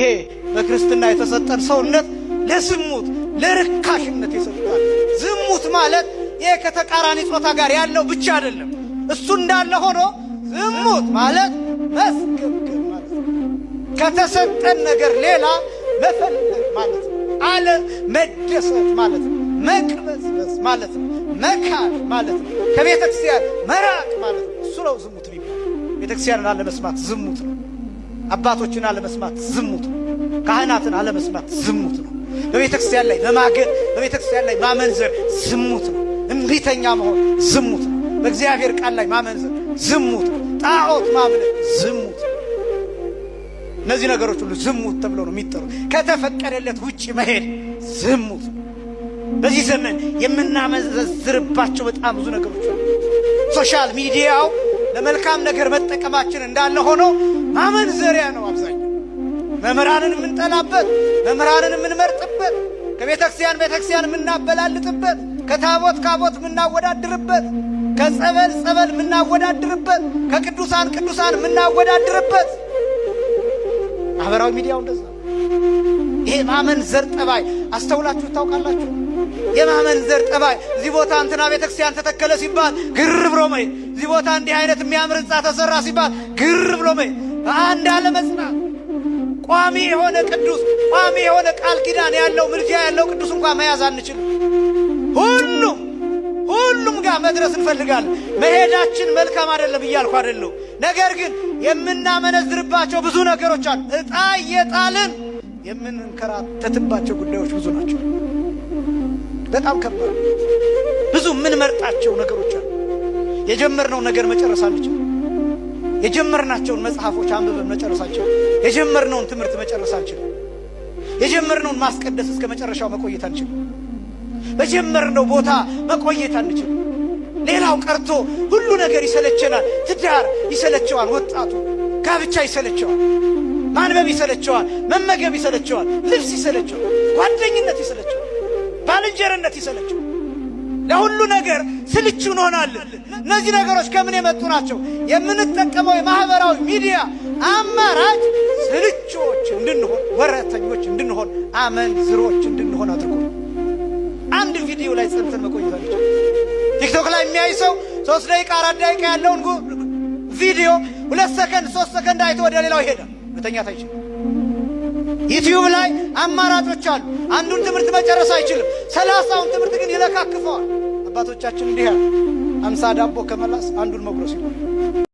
ይሄ በክርስትና የተሰጠን ሰውነት ለዝሙት ለርካሽነት የሰጥቷል። ዝሙት ማለት ይሄ ከተቃራኒ ጾታ ጋር ያለው ብቻ አይደለም። እሱ እንዳለ ሆኖ ዝሙት ማለት መስገብገብ ማለት ከተሰጠን ነገር ሌላ መፈለግ ማለት አለ መደሰት ማለት ነው። መቅበዝበዝ ማለት ነው። መካድ ማለት ነው። ከቤተ ክርስቲያን መራቅ ማለት ነው። እሱ ነው ዝሙት የሚባለው። ቤተ ክርስቲያንን አለመስማት ዝሙት ነው። አባቶችን አለመስማት ዝሙት ነው። ካህናትን አለመስማት ዝሙት ነው። በቤተ ክርስቲያን ላይ በማገድ በቤተ ክርስቲያን ላይ ማመንዘር ዝሙት ነው። እምቢተኛ መሆን ዝሙት ነው። በእግዚአብሔር ቃል ላይ ማመንዘር ዝሙት ነው። ጣዖት ማምለክ ዝሙት ነው። እነዚህ ነገሮች ሁሉ ዝሙት ተብሎ ነው የሚጠሩ። ከተፈቀደለት ውጭ መሄድ ዝሙት ነው። በዚህ ዘመን የምናመዘዝርባቸው በጣም ብዙ ነገሮች ሶሻል ሚዲያው ለመልካም ነገር መጠቀማችን እንዳለ ሆኖ ዘሪያ ነው አብዛኛው። መምህራንን የምንጠላበት፣ መምህራንን የምንመርጥበት፣ ከቤተ ክርስቲያን ቤተ ክርስቲያን የምናበላልጥበት፣ ከታቦት ካቦት የምናወዳድርበት፣ ከጸበል ጸበል የምናወዳድርበት፣ ከቅዱሳን ቅዱሳን የምናወዳድርበት ማህበራዊ ሚዲያው እንደዛ ይሄ ዘር ጠባይ አስተውላችሁ ታውቃላችሁ። የማመንዘር ጠባይ። እዚህ ቦታ እንትና ቤተክርስቲያን ተተከለ ሲባል ግር ብሎ መይ፣ እዚህ ቦታ እንዲህ አይነት የሚያምር ህንፃ ተሰራ ሲባል ግር ብሎ መይ፣ በአንድ አለመጽናት ቋሚ የሆነ ቅዱስ ቋሚ የሆነ ቃል ኪዳን ያለው ምልጃ ያለው ቅዱስ እንኳን መያዝ አንችልም። ሁሉም ሁሉም ጋር መድረስ እንፈልጋለን። መሄዳችን መልካም አይደለም እያልኩ አይደለሁ። ነገር ግን የምናመነዝርባቸው ብዙ ነገሮች አሉ። እጣ እየጣልን የምንንከራተትባቸው ጉዳዮች ብዙ ናቸው። በጣም ከባድ ብዙ የምንመርጣቸው ነገሮች አሉ። የጀመርነውን ነገር መጨረስ አንችልም። የጀመርናቸውን መጽሐፎች አንብበን መጨረሳቸው፣ የጀመርነውን ትምህርት መጨረስ አንችልም። የጀመርነውን ማስቀደስ እስከ መጨረሻው መቆየት አንችልም። በጀመርነው ቦታ መቆየት አንችልም። ሌላው ቀርቶ ሁሉ ነገር ይሰለቸናል። ትዳር ይሰለቸዋል፣ ወጣቱ ጋብቻ ይሰለቸዋል፣ ማንበብ ይሰለቸዋል፣ መመገብ ይሰለቸዋል፣ ልብስ ይሰለቸዋል፣ ጓደኛ ባልንጀርነት ይሰለችው። ለሁሉ ነገር ስልቹ እንሆናለን። እነዚህ ነገሮች ከምን የመጡ ናቸው? የምንጠቀመው የማህበራዊ ሚዲያ አማራጭ ስልችዎች እንድንሆን፣ ወረተኞች እንድንሆን፣ ዝሮች እንድንሆን አድርጎ አንድ ቪዲዮ ላይ ጸንተን መቆየት አንችል። ቲክቶክ ላይ የሚያይ ሰው ሶስት ደቂቃ አራት ደቂቃ ያለውን ቪዲዮ ሁለት ሰከንድ ሶስት ሰከንድ አይቶ ወደ ሌላው ይሄዳል። መተኛት አይችልም። ዩትዩብ ላይ አማራጮች አሉ። አንዱን ትምህርት መጨረስ አይችልም። ሰላሳውን ትምህርት ግን ይለካክፈዋል። አባቶቻችን እንዲህ ያሉ አምሳ ዳቦ ከመላስ አንዱን መጉረስ ይሆናል።